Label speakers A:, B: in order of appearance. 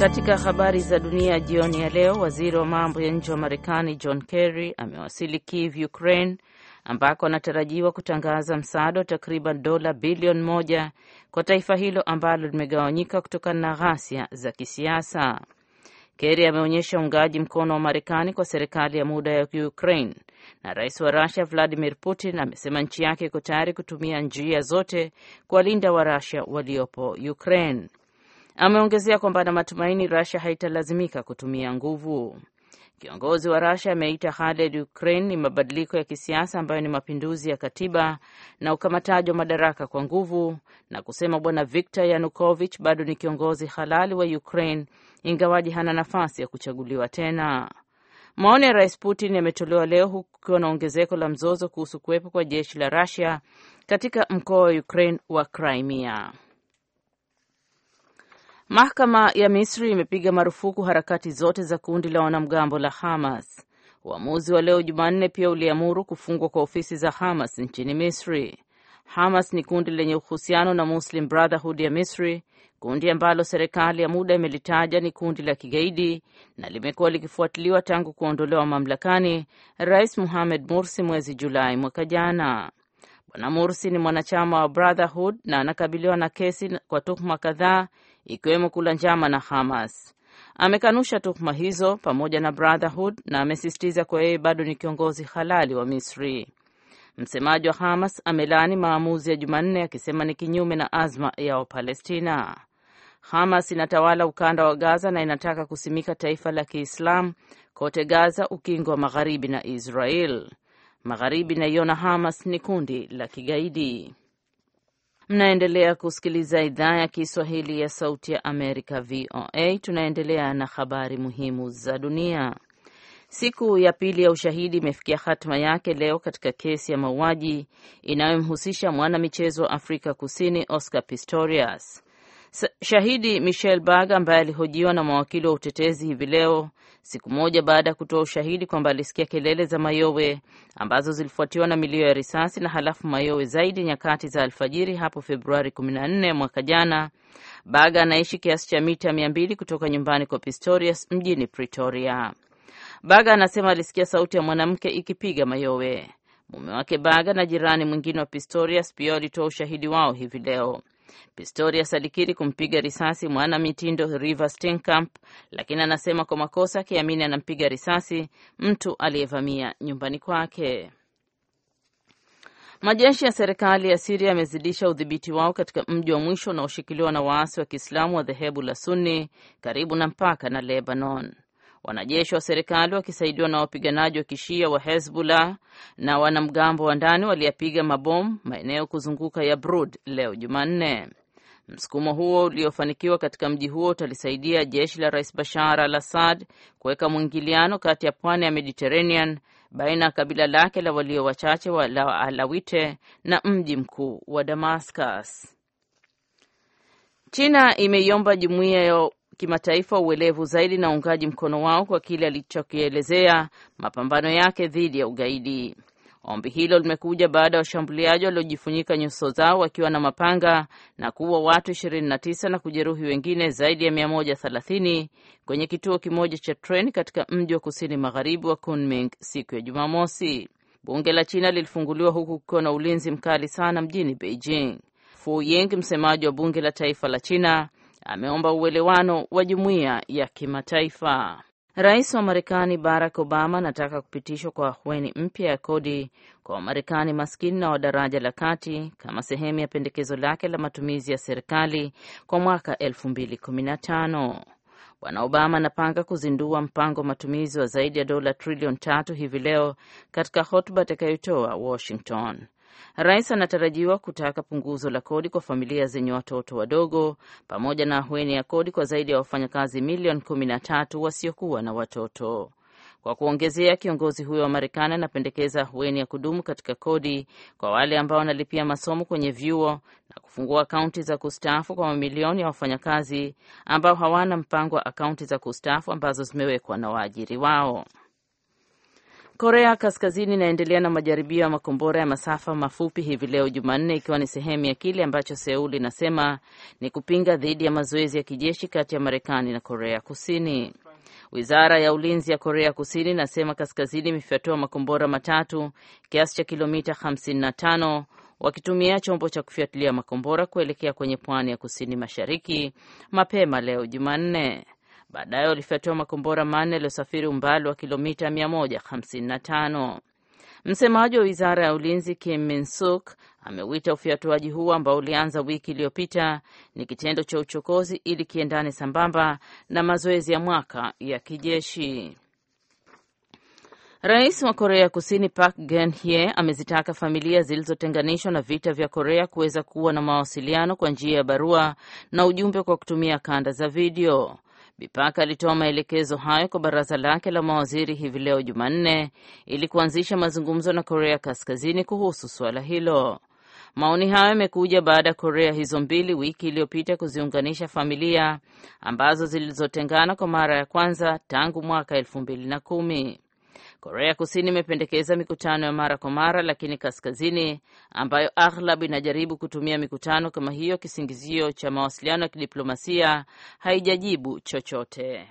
A: Katika habari za dunia jioni ya leo, waziri wa mambo ya nje wa Marekani John Kerry amewasili Kiev, Ukraine, ambako anatarajiwa kutangaza msaada wa takriban dola bilioni moja kwa taifa hilo ambalo limegawanyika kutokana na ghasia za kisiasa. Kerry ameonyesha uungaji mkono wa Marekani kwa serikali ya muda ya Ukraine na rais wa Rusia Vladimir Putin amesema nchi yake iko tayari kutumia njia zote kuwalinda Warusia waliopo Ukraine. Ameongezea kwamba ana matumaini rasia haitalazimika kutumia nguvu. Kiongozi wa rasia ameita hali ya Ukraine ni mabadiliko ya kisiasa ambayo ni mapinduzi ya katiba na ukamataji wa madaraka kwa nguvu, na kusema bwana Viktor yanukovich bado ni kiongozi halali wa Ukraine ingawaji hana nafasi ya kuchaguliwa tena. Maoni ya Rais Putin yametolewa leo huku kukiwa na ongezeko la mzozo kuhusu kuwepo kwa jeshi la rasia katika mkoa wa Ukraine wa Crimea. Mahakama ya Misri imepiga marufuku harakati zote za kundi la wanamgambo la Hamas. Uamuzi wa leo Jumanne pia uliamuru kufungwa kwa ofisi za Hamas nchini Misri. Hamas ni kundi lenye uhusiano na Muslim Brotherhood ya Misri, kundi ambalo serikali ya muda imelitaja ni kundi la kigaidi na limekuwa likifuatiliwa tangu kuondolewa mamlakani Rais Mohamed Mursi mwezi Julai mwaka jana. Bwana Mursi ni mwanachama wa Brotherhood na anakabiliwa na kesi kwa tuhuma kadhaa ikiwemo kula njama na Hamas. Amekanusha tuhuma hizo pamoja na Brotherhood na amesisitiza kuwa yeye bado ni kiongozi halali wa Misri. Msemaji wa Hamas amelaani maamuzi ya Jumanne akisema ni kinyume na azma ya Wapalestina. Hamas inatawala ukanda wa Gaza na inataka kusimika taifa la Kiislamu kote Gaza, ukingo wa magharibi na Israel. Magharibi inaiona Hamas ni kundi la kigaidi. Mnaendelea kusikiliza idhaa ya Kiswahili ya Sauti ya Amerika, VOA. Tunaendelea na habari muhimu za dunia. Siku ya pili ya ushahidi imefikia hatima yake leo katika kesi ya mauaji inayomhusisha mwanamichezo wa Afrika Kusini Oscar Pistorius. Shahidi Michel Bag ambaye alihojiwa na mawakili wa utetezi hivi leo siku moja baada ya kutoa ushahidi kwamba alisikia kelele za mayowe ambazo zilifuatiwa na milio ya risasi na halafu mayowe zaidi nyakati za alfajiri hapo Februari 14 mwaka jana. Bag anaishi kiasi cha mita 200 kutoka nyumbani kwa Pistorius mjini Pretoria. Baga anasema alisikia sauti ya mwanamke ikipiga mayowe. Mume wake Baga na jirani mwingine wa Pistorius pia walitoa ushahidi wao hivi leo. Pistorius alikiri kumpiga risasi mwanamitindo river Steenkamp, lakini anasema kwa makosa akiamini anampiga risasi mtu aliyevamia nyumbani kwake. Majeshi ya serikali ya Siria yamezidisha udhibiti wao katika mji wa mwisho unaoshikiliwa na waasi wa Kiislamu wa dhehebu la Sunni karibu na mpaka na Lebanon. Wanajeshi wa serikali wakisaidiwa na wapiganaji wa kishia wa Hezbollah na wanamgambo wa ndani waliyapiga mabomu maeneo kuzunguka Yabrud leo Jumanne. Msukumo huo uliofanikiwa katika mji huo utalisaidia jeshi la Rais Bashar al Assad kuweka mwingiliano kati ya pwani ya Mediterranean baina ya kabila lake la walio wachache wa la Alawite na mji mkuu wa Damascus. China imeiomba jumuiya ya kimataifa uelevu zaidi na uungaji mkono wao kwa kile alichokielezea mapambano yake dhidi ya ugaidi. Ombi hilo limekuja baada ya washambuliaji waliojifunyika nyuso zao wakiwa na mapanga na kuua watu 29 na kujeruhi wengine zaidi ya 130 kwenye kituo kimoja cha treni katika mji wa kusini magharibi wa Kunming siku ya Jumamosi. Bunge la China lilifunguliwa huku kukiwa na ulinzi mkali sana mjini Beijing. Fu Ying, msemaji wa bunge la taifa la China, ameomba uelewano wa jumuiya ya kimataifa. Rais wa Marekani Barack Obama anataka kupitishwa kwa ahueni mpya ya kodi kwa Wamarekani maskini na wa daraja la kati kama sehemu ya pendekezo lake la matumizi ya serikali kwa mwaka 2015. Bwana Obama anapanga kuzindua mpango wa matumizi wa zaidi ya dola trilioni tatu hivi leo katika hotuba atakayoitoa Washington. Rais anatarajiwa kutaka punguzo la kodi kwa familia zenye watoto wadogo pamoja na ahueni ya kodi kwa zaidi ya wafanyakazi milioni kumi na tatu wasiokuwa na watoto. Kwa kuongezea, kiongozi huyo wa Marekani anapendekeza ahueni ya kudumu katika kodi kwa wale ambao wanalipia masomo kwenye vyuo na kufungua akaunti za kustaafu kwa mamilioni ya wafanyakazi ambao hawana mpango wa akaunti za kustaafu ambazo zimewekwa na waajiri wao. Korea Kaskazini inaendelea na majaribio ya makombora ya masafa mafupi hivi leo Jumanne, ikiwa ni sehemu ya kile ambacho Seul inasema ni kupinga dhidi ya mazoezi ya kijeshi kati ya Marekani na Korea Kusini. Wizara ya ulinzi ya Korea Kusini inasema Kaskazini imefyatua makombora matatu kiasi cha kilomita 55 wakitumia chombo cha kufyatulia makombora kuelekea kwenye pwani ya kusini mashariki mapema leo Jumanne. Baadaye walifyatua makombora manne yaliyosafiri umbali wa kilomita 155. Msemaji wa wizara ya ulinzi Kim Minsuk ameuita ufyatuaji huo ambao ulianza wiki iliyopita ni kitendo cha uchokozi ili kiendane sambamba na mazoezi ya mwaka ya kijeshi. Rais wa Korea Kusini Park Geun-hye amezitaka familia zilizotenganishwa na vita vya Korea kuweza kuwa na mawasiliano kwa njia ya barua na ujumbe kwa kutumia kanda za video. Bipaka alitoa maelekezo hayo kwa baraza lake la mawaziri hivi leo Jumanne ili kuanzisha mazungumzo na Korea Kaskazini kuhusu suala hilo. Maoni hayo yamekuja baada ya Korea hizo mbili wiki iliyopita kuziunganisha familia ambazo zilizotengana kwa mara ya kwanza tangu mwaka elfu mbili na kumi. Korea Kusini imependekeza mikutano ya mara kwa mara, lakini Kaskazini, ambayo aghlabu inajaribu kutumia mikutano kama hiyo kisingizio cha mawasiliano ya kidiplomasia, haijajibu chochote.